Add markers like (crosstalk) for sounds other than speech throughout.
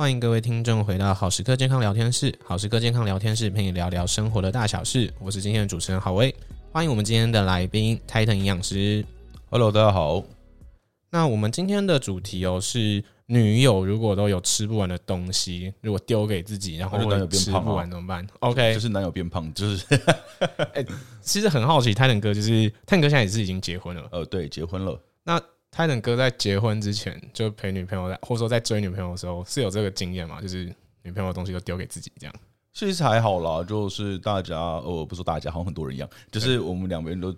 歡迎各位聽眾回到好食課健康聊天室。好食課健康聊天室，陪你聊聊生活的大小事。我是今天的主持人郝威。歡迎我們今天的來賓，Titan 營養師。Hello，大家好。那我們今天的主題哦、喔，是女友如果都有吃不完的東西，如果丟給自己，然後吃不完男友變胖，啊、怎麼辦？OK，就是男友變胖，就是。 (laughs) 欸、其實很好奇，Titan 哥就是 Titan 哥，現在也是已經結婚了。哦，對，結婚了。那泰坦哥在結婚之前，就陪女朋友在，或者說在追女朋友的時候，是有這個經驗嘛？就是女朋友的東西都丟給自己這樣，其實還好啦，就是大家呃、哦，不說大家，好像很多人一樣，就是我們兩個人都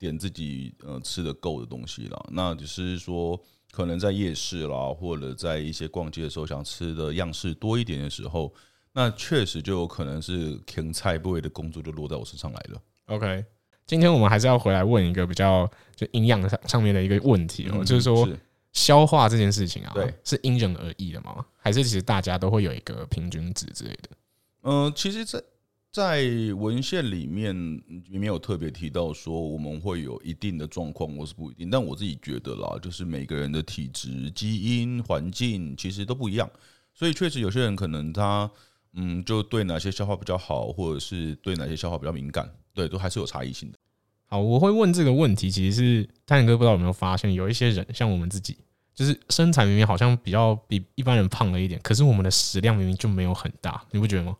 點自己呃吃的夠的東西了。那只是說，可能在夜市啦，或者在一些逛街的時候，想吃的樣式多一點的時候，那確實就有可能是點菜部位的工作就落在我身上來了。OK。今天我們還是要回來問一個比較就營養上上面的一個問題哦，就是說消化這件事情啊，對，是因人而異的嗎？還是其實大家都會有一個平均值之類的？嗯，其實，在在文獻裡面也沒有特別提到說我們會有一定的狀況，我是不一定的，但我自己覺得啦，就是每個人的體質、基因、環境其實都不一樣，所以確實有些人可能他嗯，就對哪些消化比較好，或者是對哪些消化比較敏感，對，都還是有差異性的。好，我會問這個問題，其實是 Titan 哥不知道有沒有發現，有一些人像我們自己，就是身材明明好像比較比一般人胖了一點，可是我們的食量明明就沒有很大，你不覺得嗎？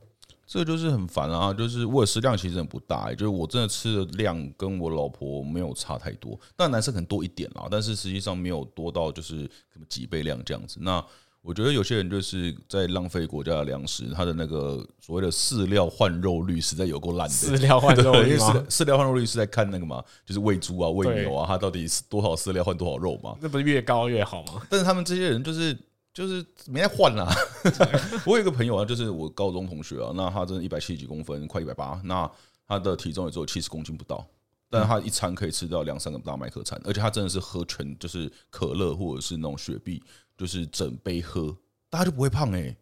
這個、就是很煩啊，就是我的食量其實也不大，欸，就是我真的吃的量跟我老婆沒有差太多，但男生可能多一點啦，但是實際上沒有多到就是什麼幾倍量這樣子，那。我覺得有些人就是在浪費國家的糧食，他的那個所謂的飼料換肉率實在有夠爛的。飼料換肉率嗎？飼料換肉率是在看那個嘛，就是餵豬啊、餵牛啊，他到底是多少飼料換多少肉嘛？那不是越高越好嗎？但是他們這些人就是就是沒在換啦。我有一個朋友啊，就是我高中同學啊，那他真的一百七幾公分，快一百八，那他的體重也只有七十公斤不到，但是他一餐可以吃到兩三個大麥克餐，而且他真的是喝全就是可樂或者是那種雪碧，就是整杯喝，大家就不會胖哎，欸，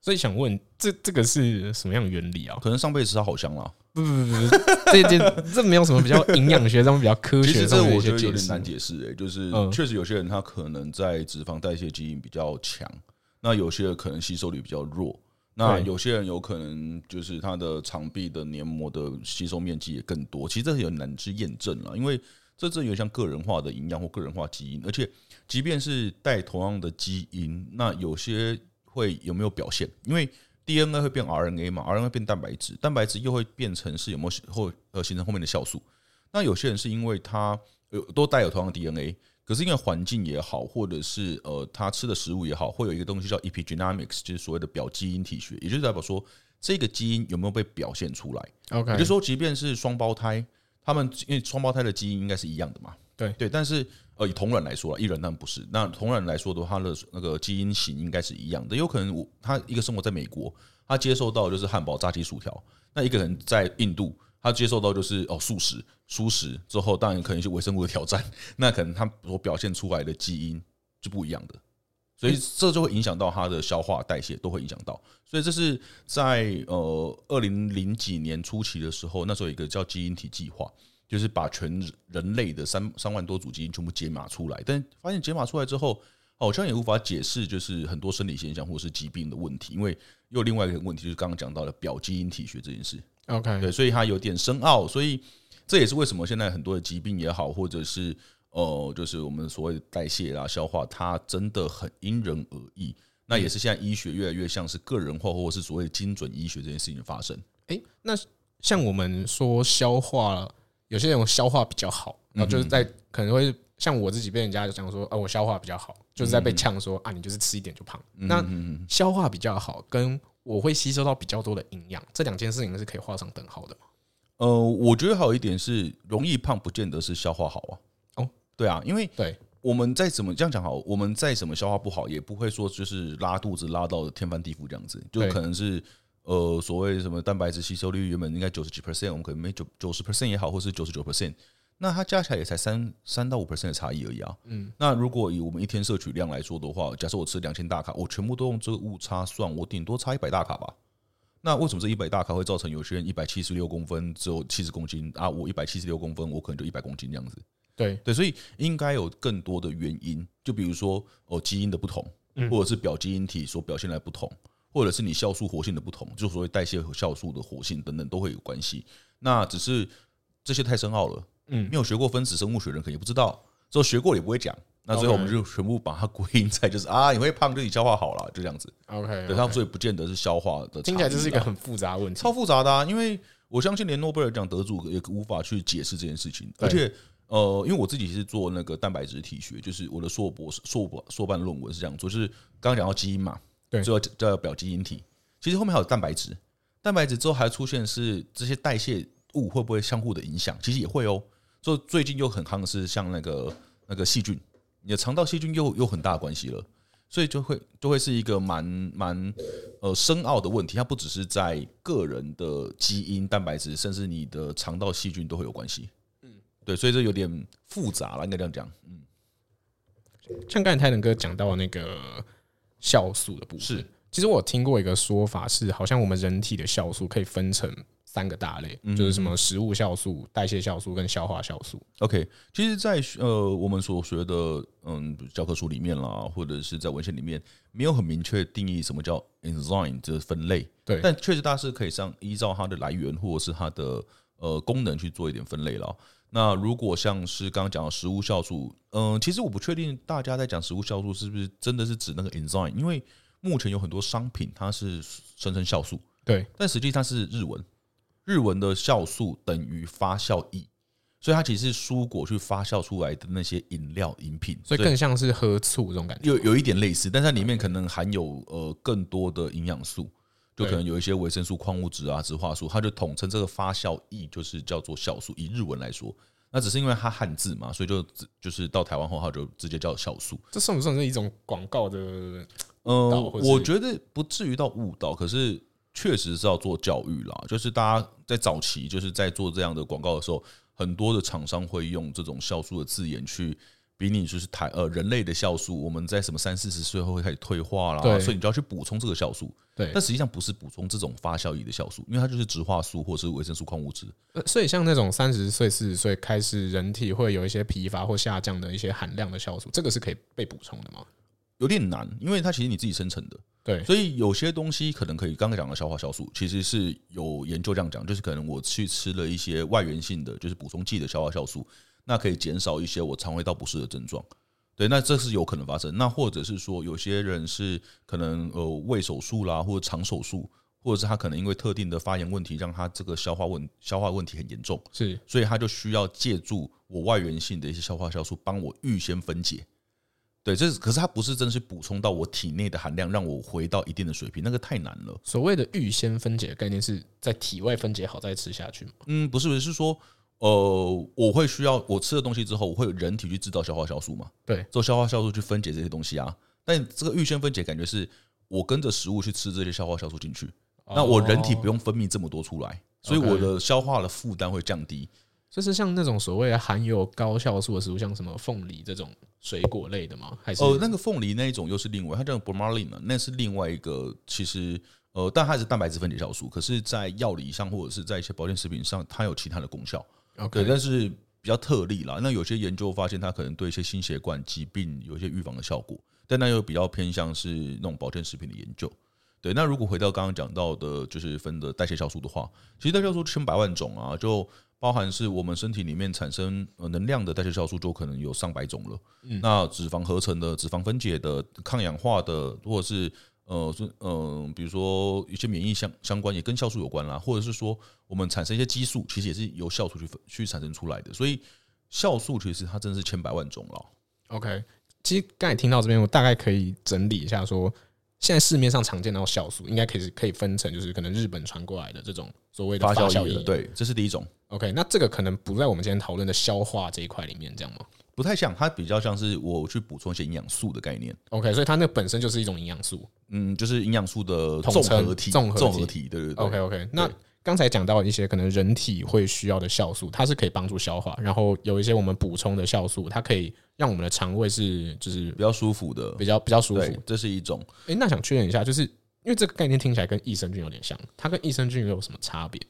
所以想問，這這個是什麼樣的原理啊？可能上輩子他好香啦，不不不不，這這沒有什麼比較營養學上面 (laughs) 比較科學的，其實這我覺得有點難解釋哎，欸。就是確實有些人他可能在脂肪代謝基因比較強，嗯、那有些人可能吸收率比較弱，那有些人有可能就是他的腸壁的黏膜的吸收面積也更多。其實這也很難去驗證了，因為。這真的有點像個人化的營養或個人化基因，而且即便是帶同樣的基因，那有些會有沒有表現，因為 DNA 會變 RNA 嘛，RNA 變蛋白質，蛋白質又會變成是有沒有或呃形成後面的酵素。那有些人是因為他有都帶有同樣的 DNA，可是因為環境也好，或者是呃他吃的食物也好，會有一個東西叫 epigenomics，就是所謂的表基因體學，也就是代表說這個基因有沒有被表現出來。OK，也就是說，即便是雙胞胎。他們因為雙胞胎的基因應該是一樣的嘛？對對，但是呃，以同卵來說啦，異卵當然不是。那同卵來說的話，他的那個基因型應該是一樣的。有可能我他一個生活在美國，他接受到就是漢堡、炸雞、薯條，那一個人在印度，他接受到就是哦素食、素食之後，當然可能是微生物的挑戰。那可能他所表現出來的基因是不一樣的。所以這就會影響到它的消化代謝，都會影響到。所以這是在呃二零零幾年初期的時候，那時候有一個叫基因體計劃，就是把全人類的三三萬多組基因全部解碼出來，但發現解碼出來之後，好像也無法解釋就是很多生理現象或是疾病的問題，因為又另外一個問題就是剛剛講到了表基因體學這件事。OK，對，所以它有點深奧，所以這也是為什麼現在很多的疾病也好，或者是。哦、呃，就是我們所謂代謝啊，消化，它真的很因人而異。那也是現在醫學越來越像是個人化，或者是所謂精準醫學這件事情發生。哎、欸，那像我們說消化，有些人有消化比較好，那就是在、嗯、可能會像我自己被人家講說，哦、啊，我消化比較好，就是在被嗆說、嗯、啊，你就是吃一點就胖、嗯。那消化比較好，跟我會吸收到比較多的營養，這兩件事情是可以畫上等號的嗎？呃，我覺得好一點是容易胖，不見得是消化好啊。對啊，因為，對，我們再怎麼這樣講好，我們再怎麼消化不好，也不會說就是拉肚子拉到天翻地覆這樣子，就可能是呃所謂什麼蛋白質吸收率原本應該九十幾 percent，我們可能沒九九十 percent 也好，或是九十九 percent，那它加起來也才三三到五 percent 的差異而已啊。嗯，那如果以我們一天攝取量來說的話，假設我吃兩千大卡，我全部都用這個誤差算，我頂多差一百大卡吧。那為什麼這一百大卡會造成有些人一百七十六公分只有七十公斤啊？我一百七十六公分，我可能就一百公斤這樣子。對，對所以應該有更多的原因，就比如說哦，基因的不同，嗯、或者是表基因體所表現來不同，或者是你酵素活性的不同，就所謂代謝和酵素的活性等等都會有關係。那只是這些太深奧了，嗯，沒有學過分子生物學人可能也不知道，所以學過也不會講。那最後我們就全部把它歸因在就是啊，你會胖就你消化好了，就這樣子。OK，, okay 對，所以不見得是消化的、啊，聽起來這是一個很複雜的問題，超複雜的、啊。因為我相信連諾貝爾獎得主也無法去解釋這件事情，而且。呃，因為我自己是做那個蛋白質體學，就是我的碩博碩博碩班論文是這樣做，就是剛剛講到基因嘛，對，就要就要表基因體，其實後面還有蛋白質，蛋白質之後還出現是這些代謝物會不會相互的影響，其實也會哦、喔。所以最近又很夯的是像那個那個細菌，你的腸道細菌又又很大的關係了，所以就會就會是一個蠻蠻呃深奧的問題，它不只是在個人的基因、蛋白質，甚至你的腸道細菌都會有關係。對，所以這有點複雜了，應該這樣講。嗯，像剛才 Titan 哥講到那個酵素的部分，是其實我聽過一個說法是，是好像我們人體的酵素可以分成三個大類，嗯、就是什麼食物酵素、代謝酵素跟消化酵素。OK，其實在，在呃我們所學的嗯教科書裡面啦，或者是在文獻裡面，沒有很明確定義什麼叫 enzyme 就是分類。對，但確實大致是可以上依照它的來源或者是它的呃功能去做一點分類了。那如果像是剛剛講的食物酵素，嗯、呃，其實我不確定大家在講食物酵素是不是真的是指那個 enzyme，因為目前有很多商品它是生成酵素。對，但實際上是日文，日文的酵素等於發酵液，所以它其實是蔬果去發酵出來的那些飲料飲品，所以更像是喝醋這種感覺，有有一點類似，但是它裡面可能含有呃更多的營養素。就可能有一些維生素、礦物質啊、植化素，它就統稱這個發酵液，就是叫做酵素。以日文來說，那只是因為它漢字嘛，所以就就是到台灣後，它就直接叫酵素。這算不算是一種廣告的？嗯，我覺得不至於到誤導，可是確實是要做教育啦。就是大家在早期就是在做這樣的廣告的時候，很多的廠商會用這種酵素的字眼去。比你就是台、呃人類的酵素，我們在什麼三四十歲後會開始退化啦，所以你就要去補充這個酵素。對，但實際上不是補充這種發酵液的酵素，因為它就是植化素或者是維生素礦物質。呃，所以像那種三十歲四十歲開始人體會有一些疲乏或下降的一些含量的酵素，這個是可以被補充的嗎？有點難，因為它其實你自己生成的。對，所以有些東西可能可以，剛剛講的消化酵素其實是有研究這樣講，就是可能我去吃了一些外源性的，就是補充劑的消化酵素。那可以減少一些我腸胃道不適的症狀，對，那這是有可能發生。那或者是說，有些人是可能呃胃手術啦，或者腸手術，或者是他可能因為特定的發炎問題，讓他這個消化問消化問題很嚴重，是，所以他就需要借助我外源性的一些消化酵素，幫我預先分解。對，這是可是他不是真是補充到我體內的含量，讓我回到一定的水平，那個太難了。所謂的預先分解的概念，是在體外分解好再吃下去嗎？嗯，不是，不是說。呃，我會需要我吃的東西之後，我會有人體去製造消化酵素嘛？對，做消化酵素去分解這些東西啊。但這個預先分解，感覺是我跟着食物去吃這些消化酵素進去，哦，那我人體不用分泌這麼多出來，所以我的消化的負擔會降低。就，哦 okay，是像那種所謂含有高酵素的食物，像什麼鳳梨這種水果類的嗎？還是？哦，呃，那個鳳梨那一種又是另外，它叫 bromelain 嘛，那是另外一個，其實。呃，但它是蛋白質分解酵素。可是，在藥理上或者是在一些保健食品上，它有其他的功效。Okay. 對，但是比較特例啦。那有些研究發現，它可能對一些心血管疾病有一些預防的效果。但那又比較偏向是那種保健食品的研究。對，那如果回到剛剛講到的，就是分的代謝酵素的話，其實代謝酵素千百萬種啊，就包含是我們身體裡面產生能量的代謝酵素，就可能有上百種了。嗯。那脂肪合成的、脂肪分解的、抗氧化的，或者是。呃，是、呃、嗯，比如說一些免疫相相關，也跟酵素有關啦，或者是說我們產生一些激素，其實也是由酵素去分去產生出來的。所以酵素其實它真的是千百萬種了。OK，其實剛才聽到這邊，我大概可以整理一下，說現在市面上常見到酵素，應該可以是可以分成，就是可能日本傳過來的這種所謂的發酵液，發酵液的，對，這是第一種。OK，那這個可能不在我們今天討論的消化這一塊裡面，這樣嗎？不太像，它比較像是我去補充一些營養素的概念。OK，所以它那個本身就是一種營養素。嗯，就是營養素的綜合體，綜合體,體，對對對 OK，OK、okay, okay,。那剛才講到一些可能人體會需要的酵素，它是可以幫助消化，然後有一些我們補充的酵素，它可以讓我們的腸胃是就是比較舒服的，比較比較舒服。這是一種。哎、欸，那想確認一下，就是因為這個概念聽起來跟益生菌有點像，它跟益生菌有什麼差別？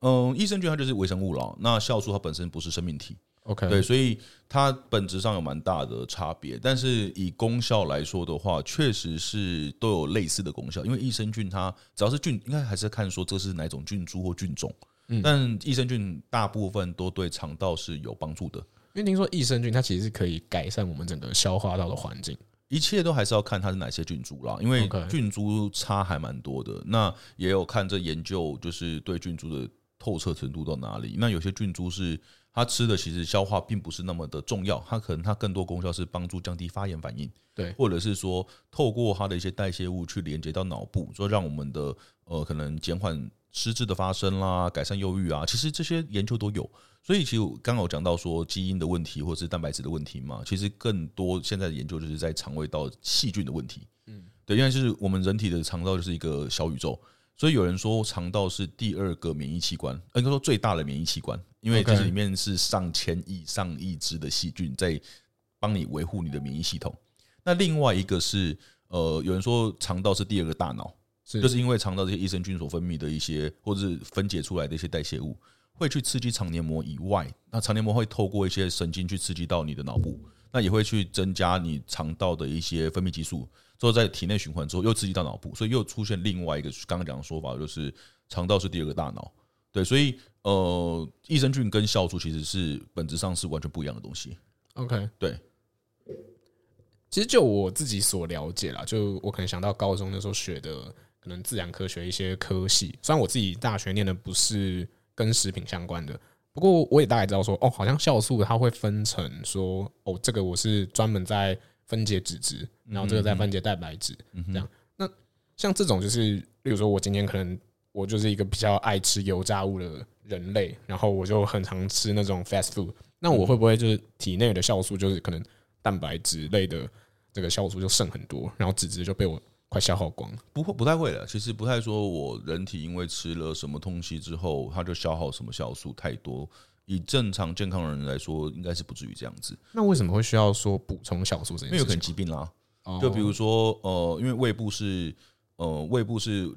嗯，益生菌它就是微生物嘍。那酵素它本身不是生命體。OK，對，所以它本質上有蠻大的差別，但是以功效來說的話，確實是都有類似的功效。因為益生菌它只要是菌，應該還是看說這是哪種菌株或菌種。嗯，但益生菌大部分都對腸道是有幫助的。因為聽說益生菌它其實是可以改善我們整個消化道的環境，一切都還是要看它是哪些菌株啦。因為菌株差還蠻多的。OK，那也有看這研究就是對菌株的透徹程度到哪裡。那有些菌株是。它吃的其實消化並不是那麼的重要，它可能它更多功效是幫助降低發炎反應，對，或者是說透過它的一些代謝物去連接到腦部，說讓我們的呃可能減緩失智的發生啦，改善憂鬱啊，其實這些研究都有。所以其實剛好講到說基因的問題或者是蛋白質的問題嘛，其實更多現在的研究就是在腸胃道細菌的問題，嗯，對，因為就是我們人體的腸道就是一個小宇宙，所以有人說腸道是第二個免疫器官，應該說最大的免疫器官。因為其實裡面是上千億、上億隻的細菌在幫你維護你的免疫系統。那另外一個是，呃，有人說腸道是第二個大腦，就是因為腸道這些益生菌所分泌的一些，或者是分解出來的一些代謝物，會去刺激腸黏膜以外，那腸黏膜會透過一些神經去刺激到你的腦部，那也會去增加你腸道的一些分泌激素，之後在體內循環之後又刺激到腦部，所以又出現另外一個剛剛講的說法，就是腸道是第二個大腦。對，所以呃，益生菌跟酵素其實是本質上是完全不一樣的東西。OK，對。其實就我自己所了解啦，就我可能想到高中那時候學的可能自然科學一些科系，雖然我自己大學念的不是跟食品相關的，不過我也大概知道說，哦，好像酵素它會分成說，哦，這個我是專門在分解脂質，然後這個在分解蛋白質，嗯嗯嗯這樣。那像這種就是，例如說我今天可能。我就是一個比較愛吃油炸物的人類，然後我就很常吃那種 fast food。那我會不會就是體內的酵素就是可能蛋白質類的這個酵素就剩很多，然後脂質就被我快消耗光？不會，不太會的。其實不太說我人體因為吃了什麼東西之後，它就消耗什麼酵素太多。以正常健康的人來說，應該是不至於這樣子。那為什麼會需要說補充酵素這，是因為有可能疾病啦。Oh. 就比如說，呃，因為胃部是，呃，胃部是。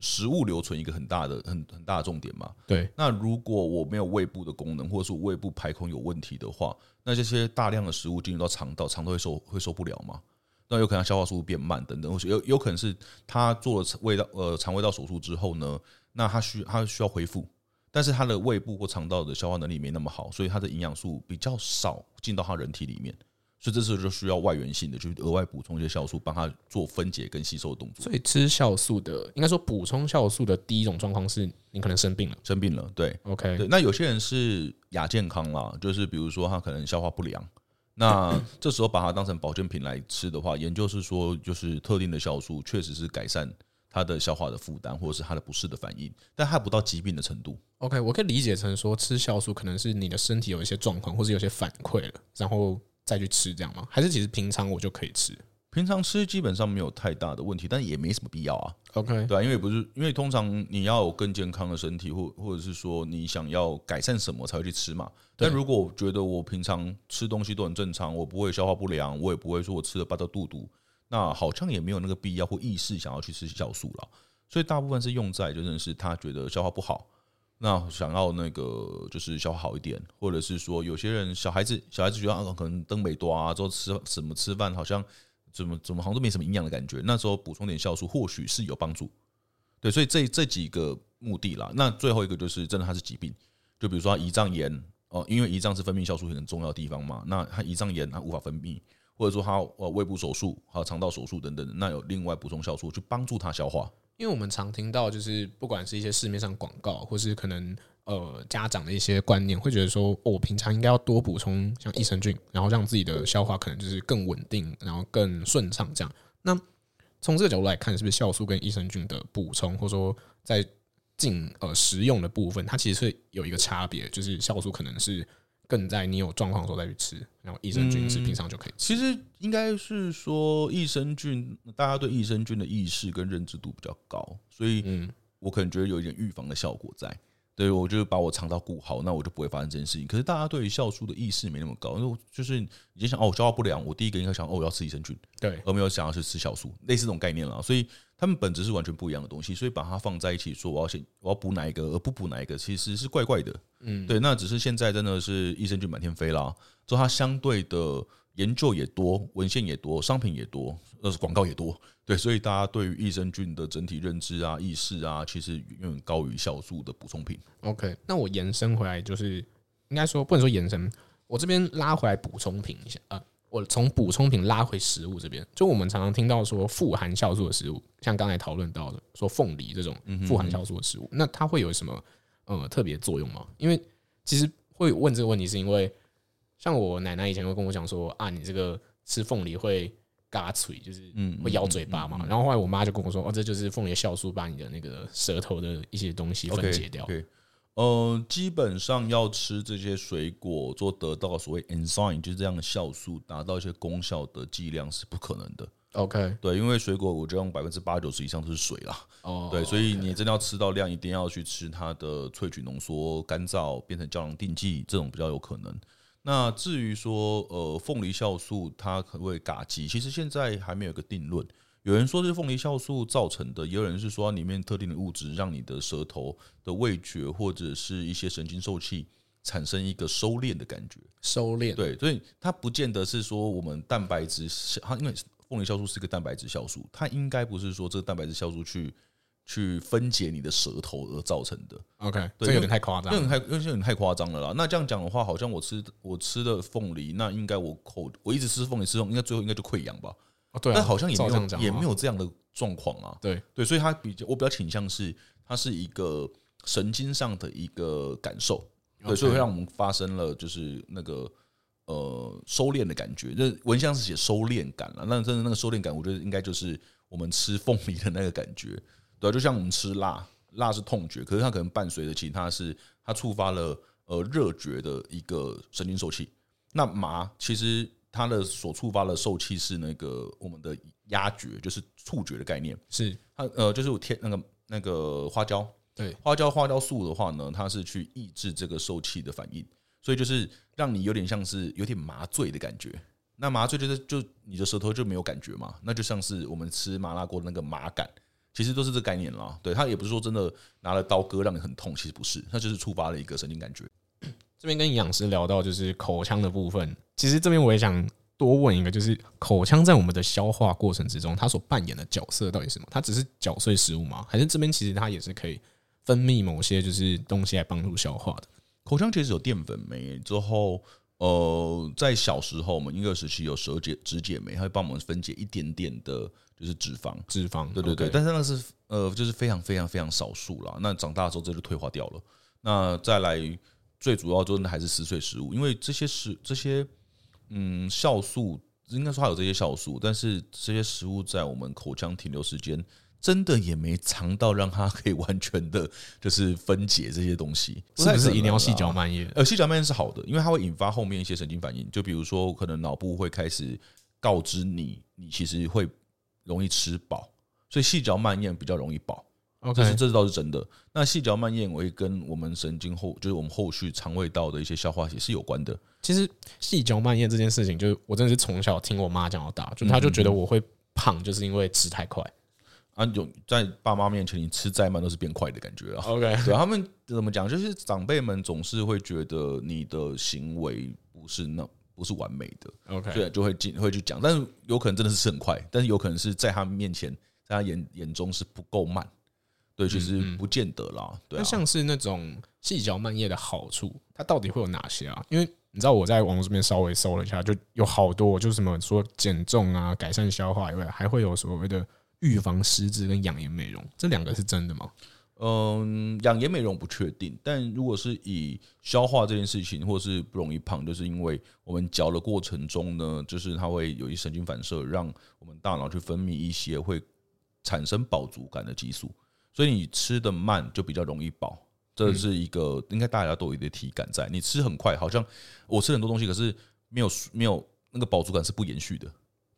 食物留存一個很大的很、很很大的重點嘛？對。那如果我沒有胃部的功能，或者說我胃部排空有問題的話，那這些大量的食物進入到腸道，腸道會受會受不了嘛？那有可能消化速度變慢等等有，有有可能是他做了胃道呃腸胃道手術之後呢那，那他需他需要恢復，但是他的胃部或腸道的消化能力沒那麼好，所以他的營養素比較少進到他人體裡面。所以這時候就需要外源性的，就是額外補充一些酵素，幫它做分解跟吸收的動作。所以吃酵素的，應該說補充酵素的第一種狀況是，你可能生病了，生病了。對，OK 對。那有些人是亞健康啦，就是比如說他可能消化不良，那這時候把它當成保健品來吃的話，研究是說，就是特定的酵素確實是改善他的消化的負擔，或者是他的不適的反應，但它不到疾病的程度。OK，我可以理解成說，吃酵素可能是你的身體有一些狀況，或是有些反饋了，然後。再去吃這樣嗎？還是其實平常我就可以吃？平常吃基本上沒有太大的問題，但也沒什麼必要啊。OK，對啊，因為不是，因為通常你要有更健康的身體，或或者是說你想要改善什麼才會去吃嘛。但如果覺得我平常吃東西都很正常，我不會消化不良，我也不會說我吃了霸到肚肚，那好像也沒有那個必要或意識想要去吃酵素了。所以大部分是用在，就真的是他覺得消化不好，那想要那個就是消化好一點，或者是說有些人小孩子小孩子覺得啊，可能蛋白沒多啊，之後吃什麼吃飯好像怎麼怎麼好像都沒什麼營養的感覺，那時候補充點酵素或許是有幫助。對，所以這這幾個目的啦。那最後一個就是真的它是疾病，就比如說胰臟炎哦，因為胰臟是分泌酵素很重要的地方嘛。那它胰臟炎它無法分泌，或者說它哦胃部手術還有腸道手術等等，那有另外補充酵素去幫助它消化。因為我們常聽到，就是不管是一些市面上廣告，或是可能呃家長的一些觀念，會覺得說，哦，我平常應該要多補充像益生菌，然後讓自己的消化可能就是更穩定，然後更順暢這樣。那從這個角度來看，是不是酵素跟益生菌的補充，或者說在進呃食用的部分，它其實會有一個差別，就是酵素可能是。更在你有狀況時候再去吃，然後益生菌吃平常就可以吃，嗯。其實應該是說，益生菌大家對益生菌的意識跟認知度比較高，所以我可能覺得有一點預防的效果在。對，我就把我腸道顧好，那我就不會發生這件事情。可是大家對酵素的意識沒那麼高，那我就是已經想哦，我消化不良，我第一個應該想哦，我要吃益生菌，對，而沒有想要去吃酵素，類似這種概念啦。所以他們本質是完全不一樣的東西，所以把它放在一起說我，我要先我要補哪一個而不補哪一個，其實是，是怪怪的。嗯，對，那只是現在真的是益生菌滿天飛啦，就它相對的。研究也多，文獻也多，商品也多，呃，廣告也多，對，所以大家對於益生菌的整體認知啊、意識啊，其實遠遠高於酵素的補充品。OK，那我延伸回來就是應，應該說不能說延伸，我這邊拉回來補充品一下啊、呃，我從補充品拉回食物這邊，就我們常常聽到說富含酵素的食物，像剛才討論到的說鳳梨這種富含酵素的食物、嗯，那它會有什麼呃特別作用嗎？因為其實會問這個問題是因為。像我奶奶以前會跟我講說啊，你這個吃鳳梨會嘎嘴，就是嗯會咬嘴巴嘛、嗯嗯嗯。然後後來我媽就跟我說，哦、啊，這就是鳳梨酵素把你的那個舌頭的一些東西分解掉。對，呃，基本上要吃這些水果做得到的所謂 enzyme 就是這樣的酵素達到一些功效的劑量是不可能的。OK，對，因為水果我就用百分之八九十以上都是水啦。哦，對，所以你真的要吃到量，一定要去吃它的萃取濃縮、乾燥變成膠囊錠劑，這種比較有可能。那至於說，呃，鳳梨酵素它可不可以嘎擊，其實現在還沒有一個定論。有人說是鳳梨酵素造成的，也有人是說裡面特定的物質讓你的舌頭的味覺或者是一些神經受器產生一個收斂的感覺。收斂，對，所以它不見得是說我們蛋白質，它因為鳳梨酵素是一個蛋白質酵素，它應該不是說這個蛋白質酵素去。去分解你的舌頭而造成的，OK，對，這有點太誇張，這很有點太誇張了啦。那這樣講的話，好像我吃我吃的鳳梨，那應該我口我一直吃鳳梨，吃鳳梨應該最後應該就潰瘍吧？哦、啊，對，但好像也沒有也沒有這樣的狀況啊。對對，所以它比較我比較傾向是它是一個神經上的一個感受，對 okay. 所以會讓我們發生了就是那個呃收斂的感覺。那聞香是寫收斂感啦，那真的那個收斂感，我覺得應該就是我們吃鳳梨的那個感覺。對，就像我們吃辣，辣是痛覺，可是它可能伴隨着其他是，它觸發了呃熱覺的一個神經受器。那麻其實它的所觸發的受器是那個我們的壓覺，就是觸覺的概念。是它呃，就是我貼那個那個花椒，對花椒花椒素的話呢，它是去抑制這個受器的反應，所以就是讓你有點像是有點麻醉的感覺。那麻醉就是就你的舌頭就沒有感覺嘛，那就像是我們吃麻辣鍋那個麻感。其實都是這概念了，對，他也不是說真的拿了刀割讓你很痛，其實不是，它就是觸發了一個神經感覺。這邊跟營養師聊到就是口腔的部分，其實這邊我也想多問一個，就是口腔在我們的消化過程之中，它所扮演的角色到底是什麼？它只是嚼碎食物嗎？還是這邊其實它也是可以分泌某些就是東西來幫助消化的？口腔其實有澱粉酶，欸，之後呃，在小時候我們嬰兒時期有舌解、脂解酶，它會幫我們分解一點點的。就是脂肪、脂肪，對對對，但是那是呃，就是非常非常非常少數啦。那長大的時候，這就退化掉了。那再來，最主要就是還是撕碎食物，因為這些食這些，嗯，酵素應該說它有這些酵素，但是這些食物在我們口腔停留時間真的也沒長到讓它可以完全的，就是分解這些東西。是不是一定要細嚼慢嚥？呃，細嚼慢嚥是好的，因為它會引發後面一些神經反應，就比如說可能腦部會開始告知你，你其實會。容易吃飽，所以細嚼慢咽比較容易飽。OK，這是這倒是真的。那細嚼慢嚥，我會跟我們神經後，就是我們後續腸胃道的一些消化系是有關的。其實細嚼慢咽這件事情，就是我真的是從小聽我媽講到大，就她就覺得我會胖，就是因為吃太快，嗯。嗯、啊，有在爸媽面前，你吃再慢都是變快的感覺啊。OK，對他們怎麼講，就是長輩們總是會覺得你的行為不是那。不是完美的，OK，對，就會進會去講，但是有可能真的是很快，但是有可能是在他面前，在他眼眼中是不夠慢，對，其、就、實、是、不見得啦。那、嗯嗯啊、像是那種細嚼慢嚥的好處，它到底會有哪些啊？因為你知道我在網絡上面稍微搜了一下，就有好多，就是什麼說減重啊、改善消化，以外還會有所謂的預防失智跟養顏美容，嗯、這兩個是真的嗎？嗯，養顏美容不確定，但如果是以消化這件事情，或是不容易胖，就是因為我們嚼的過程中呢，就是它會有一神經反射，讓我們大腦去分泌一些會產生飽足感的激素，所以你吃的慢就比較容易飽，這是一個應該大家都有一點體感在。嗯。你吃很快，好像我吃很多東西，可是沒有沒有那個飽足感是不延續的。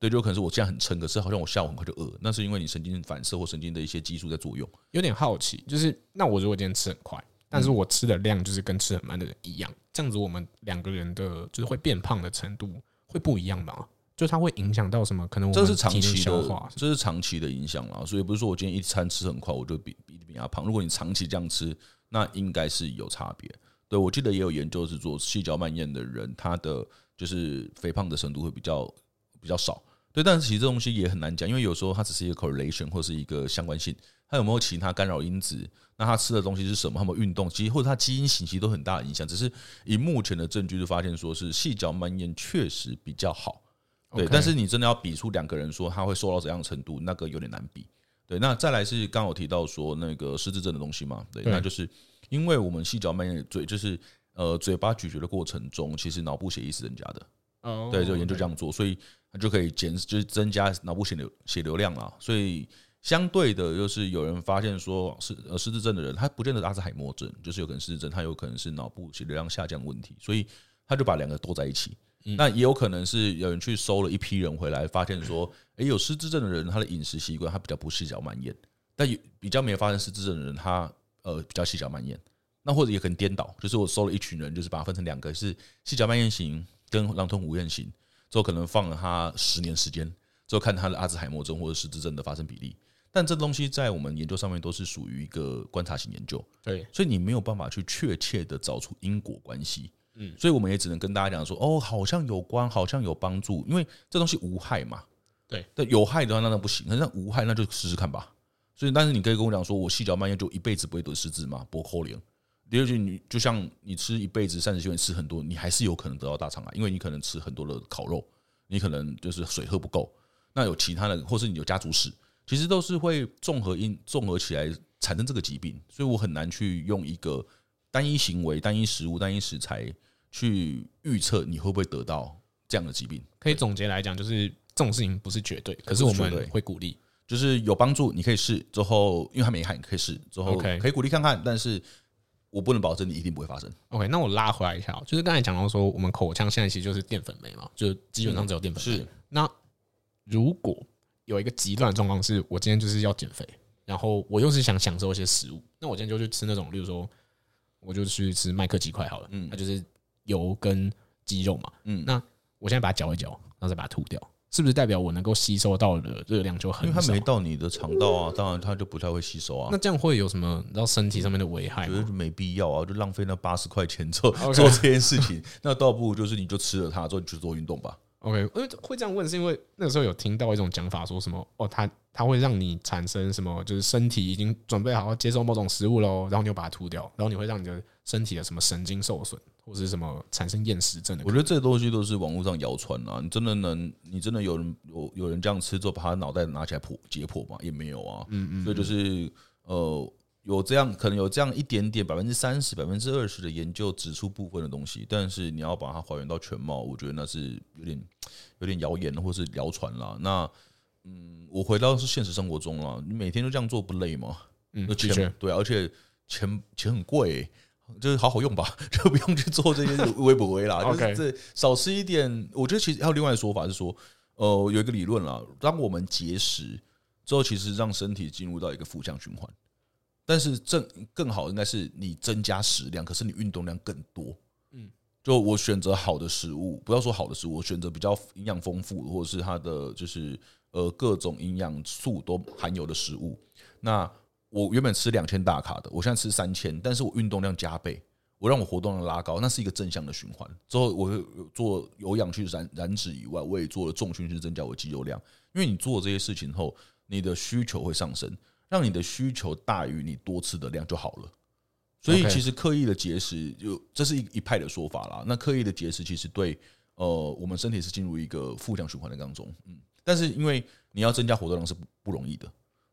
對，就可能是我現在很撐，可是好像我下午很快就餓，那是因為你神經反射或神經的一些激素在作用。有點好奇，就是那我如果今天吃很快，但是我吃的量就是跟吃很慢的人一樣，這樣子我們兩個人的就是會變胖的程度會不一樣吧？就它會影響到什麼？可能我們這是長期的，這是長期的影響啦。所以不是說我今天一餐吃很快我就比比比他胖。如果你長期這樣吃，那應該是有差別。對，我記得也有研究是做細嚼慢嚥的人，他的就是肥胖的程度會比較比較少。對，但是其實這東西也很難講，因為有時候它只是一個 correlation 或是一個相關性，它有沒有其他干擾因子？那它吃的東西是什麼？他們運動，其實或者它基因信息都很大的影響。只是以目前的證據，就發現說是細嚼慢嚥確實比較好。對，okay. 但是你真的要比出兩個人說他會瘦到怎樣的程度，那個有點難比。對，那再來是剛剛有提到說那個失智症的東西嘛。對，那就是因為我們細嚼慢嚥的嘴，就是呃嘴巴咀嚼的過程中，其實腦部血液是人家的。哦、oh, okay.，對，就研究這樣做，所以。他就可以減，就是增加腦部血流血流量了。所以相對的，就是有人發現說，失呃失智症的人，他不見得他是阿茲海默症，就是有可能失智症，他有可能是腦部血流量下降的問題。所以他就把兩個兜在一起。那也有可能是有人去收了一批人回來，發現說，哎，有失智症的人，他的飲食習慣他比較不細嚼慢嚥，但比較沒有發生失智症的人，他呃比較細嚼慢嚥。那或者也很顛倒，就是我收了一群人，就是把它分成兩個，是細嚼慢嚥型跟狼吞虎嚥型。之後可能放了他十年時間，之後看他的阿茲海默症或者失智症的發生比例，但這東西在我們研究上面都是屬於一個觀察型研究，對，所以你沒有辦法去確切的找出因果關係，所以我們也只能跟大家講說，哦，好像有關，好像有幫助，因為這東西無害嘛，對，但有害的話那那不行，那無害那就試試看吧，所以但是你可以跟我講說我細嚼慢嚥就一輩子不會得失智嘛，不可能。第二句，你就像你吃一輩子膳食纖維，吃很多，你還是有可能得到大腸癌，啊，因為你可能吃很多的烤肉，你可能就是水喝不夠。那有其他的，或是你有家族史，其實都是會綜合因綜合起來產生這個疾病。所以我很難去用一個單一行為、單一食物、單一食材去預測你會不會得到這樣的疾病。可以總結來講，就是這種事情不是絶對，可是我們會鼓勵，就是有幫助，你可以試之後，因為還沒喊，你可以試之後，可以鼓勵看看，Okay. 但是。我不能保證你一定不會發生。OK，那我拉回來一下，就是剛才講到說，我們口腔現在其實就是澱粉酶嘛，就基本上只有澱粉酶，嗯。是。那如果有一個極端的狀況是，我今天就是要減肥，然後我又是想享受一些食物，那我今天就去吃那種，例如說，我就去吃麥克雞塊好了，嗯，那就是油跟雞肉嘛，嗯，那我現在把它嚼一嚼，然後再把它吐掉。是不是代表我能夠吸收到的熱量就很少？因為它沒到你的腸道啊，當然它就不太會吸收啊。那這樣會有什麼到身體上面的危害？我覺得沒必要啊，就浪費那八十塊錢做，okay. 做這件事情， (laughs) 那倒不如就是你就吃了它，之後你去做運動吧。OK，因為會這樣問，是因為那個時候有聽到一種講法，說什麼哦，他他會讓你產生什麼，就是身體已經準備好接受某種食物嘍，然後你就把它吐掉，然後你會讓你的身體的什麼神經受損或是什麼產生厭食症的。我覺得這些東西都是網絡上謠傳啊，你真的能，你真的有人有有人這樣吃，就把他腦袋拿起來剖解剖嗎？也沒有啊。嗯嗯，嗯。所以就是呃。有這樣可能有這樣一點點百分之三十百分之二十的研究指出部分的東西，但是你要把它還原到全貌，我覺得那是有點有點謠言或是謠傳啦。那嗯，我回到是現實生活中了，你每天都這樣做不累嗎？嗯，錢對，而且錢錢很貴，就是好好用吧，就不用去做這些微不微啦。 (laughs) 就是少吃一點，我覺得其實還有另外的說法是說，呃，有一個理論啦，當我們節食之後，其實讓身體進入到一個負向循環。但是正，更好的應該是你增加食量，可是你運動量更多。嗯，就我選擇好的食物，不要說好的食物，我選擇比較營養豐富，或者是它的就是呃各種營養素都含有的食物。那我原本吃兩千大卡的，我現在吃三千，但是我運動量加倍，我讓我活動量拉高，那是一個正向的循環。之後我做有氧去燃燃脂以外，我也做了重訓去增加我肌肉量。因為你做這些事情後，你的需求會上升。讓你的需求大於你多吃的量就好了，所以其實刻意的節食就這是一一派的說法啦。那刻意的節食其實對呃我們身體是進入一個負向循環的當中，嗯，但是因為你要增加活動量是不容易的，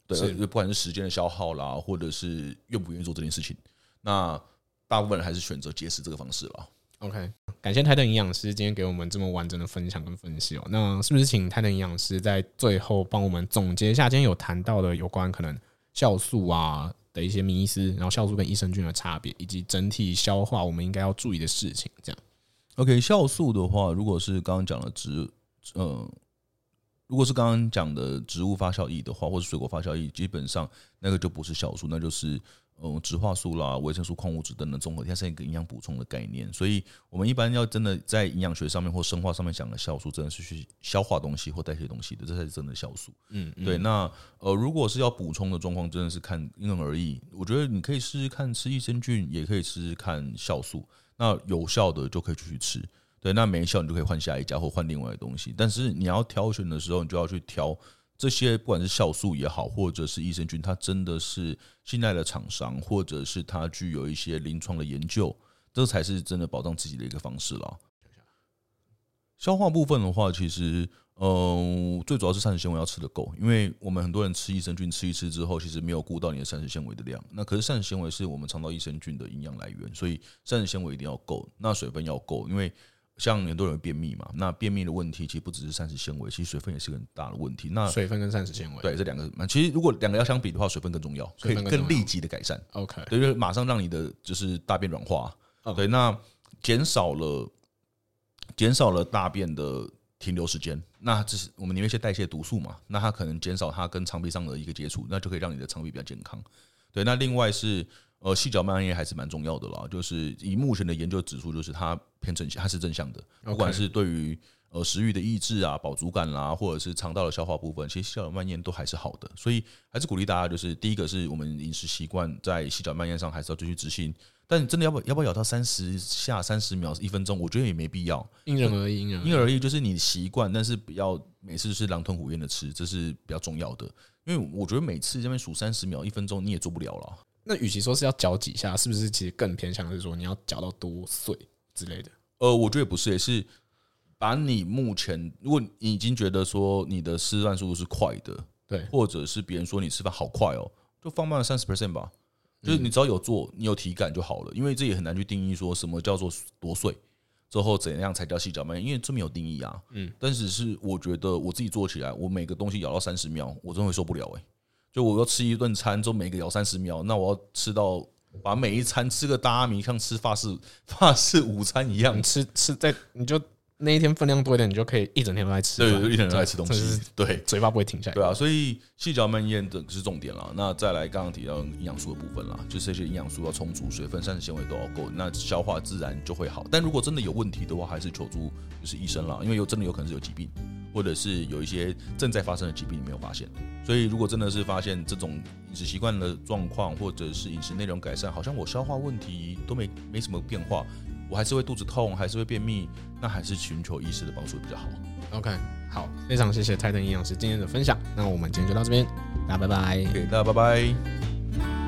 對，不管是時間的消耗啦，或者是願不願意做這件事情，那大部分人還是選擇節食這個方式啦。OK，感謝 Titan 營養師今天給我們這麼完整的分享跟分析哦、喔。那是不是請 Titan 營養師在最後幫我們總結一下今天有談到的有關可能？酵素啊的一些名詞，然後酵素跟益生菌的差別，以及整體消化我們應該要注意的事情，這樣。OK，酵素的話，如果是剛剛講的植，嗯、呃，如果是剛剛講的植物發酵液的話，或者水果發酵液，基本上那個就不是酵素，那就是。嗯、呃，植化素啦、維生素、礦物質等等綜合，它是一個營養補充的概念。所以，我們一般要真的在營養學上面或生化上面講的酵素，真的是去消化東西或代謝東西的，這才是真的酵素。嗯，嗯對。那呃，如果是要補充的狀況，真的是看因人而異。我覺得你可以試試看吃益生菌，也可以試試看酵素。那有效的就可以繼續吃。對，那沒效你就可以換下一家或換另外的東西。但是你要挑選的時候，你就要去挑。這些不管是酵素也好，或者是益生菌，它真的是信賴的廠商，或者是它具有一些臨床的研究，這才是真的保障自己的一個方式了。消化部分的話，其實，嗯，最主要是膳食纖維要吃得夠，因為我們很多人吃益生菌吃一吃之後，其實沒有顧到你的膳食纖維的量。那可是膳食纖維是我們腸道益生菌的營養來源，所以膳食纖維一定要夠，那水分要夠，因為。像很多人便秘嘛，那便秘的問題其實不只是膳食纖維，其實水分也是一個很大的問題。那水分跟膳食纖維，對這兩個，其實如果兩個要相比的話，水，水分更重要，可以更立即的改善。OK，對，就是，馬上讓你的就是大便軟化，嗯。對，那減少了減少了大便的停留時間，那這是我們裡面一些代謝毒素嘛，那它可能減少它跟腸壁上的一個接觸，那就可以讓你的腸壁比較健康。對，那另外是。嗯呃，細嚼慢嚥還是蠻重要的啦。就是以目前的研究指出，就是它偏正向，它是正向的。不管是對於呃食慾的抑制啊、飽足感啊，或者是腸道的消化部分，其實細嚼慢嚥都還是好的。所以還是鼓勵大家，就是第一個是我們飲食習慣在細嚼慢嚥上還是要繼續執行。但真的要不要不要咬到三十下、三十秒、一分鐘？我覺得也沒必要因，因人而異啊。因人而異，就是你習慣，但是不要每次是狼吞虎嚥的吃，這是比較重要的。因為我覺得每次這邊數三十秒、一分鐘，你也做不了了。那與其說是要嚼幾下，是不是其實更偏向是說你要嚼到多碎之類的？呃，我覺得不是，也是把你目前，如果你已經覺得說你的吃飯速度是快的，對，或者是別人說你吃飯好快哦，就放慢了三十 percent 吧。就是你只要有做，你有體感就好了。嗯，因為這也很難去定義說什麼叫做多碎，最後怎樣才叫細嚼慢咽，因為這沒有定義啊。嗯，但是是我覺得我自己做起來，我每個東西咬到三十秒，我真會受不了誒、欸。就我要吃一頓餐，就每個嚼三十秒，那我要吃到把每一餐吃個大米，像吃法式法式午餐一樣吃吃，吃在你就。那一天分量多一點，你就可以一整天都在吃。對，一整天都在吃東西，對，嘴巴不會停下來。對啊，所以細嚼慢嚥這是重點了。那再來剛剛提到營養素的部分了，就是這些營養素要充足，水分、膳食纖維都要夠，那消化自然就會好。但如果真的有問題的話，還是求助就是醫生了，因為有真的有可能是有疾病，或者是有一些正在發生的疾病沒有發現。所以如果真的是發現這種飲食習慣的狀況，或者是飲食內容改善，好像我消化問題都沒沒什麼變化。我還是會肚子痛，還是會便秘，那還是尋求醫師的幫助比較好。OK，好，非常謝謝 Titan 營養師今天的分享。那我們今天就到這邊，大家拜拜。那、okay, 大家拜拜。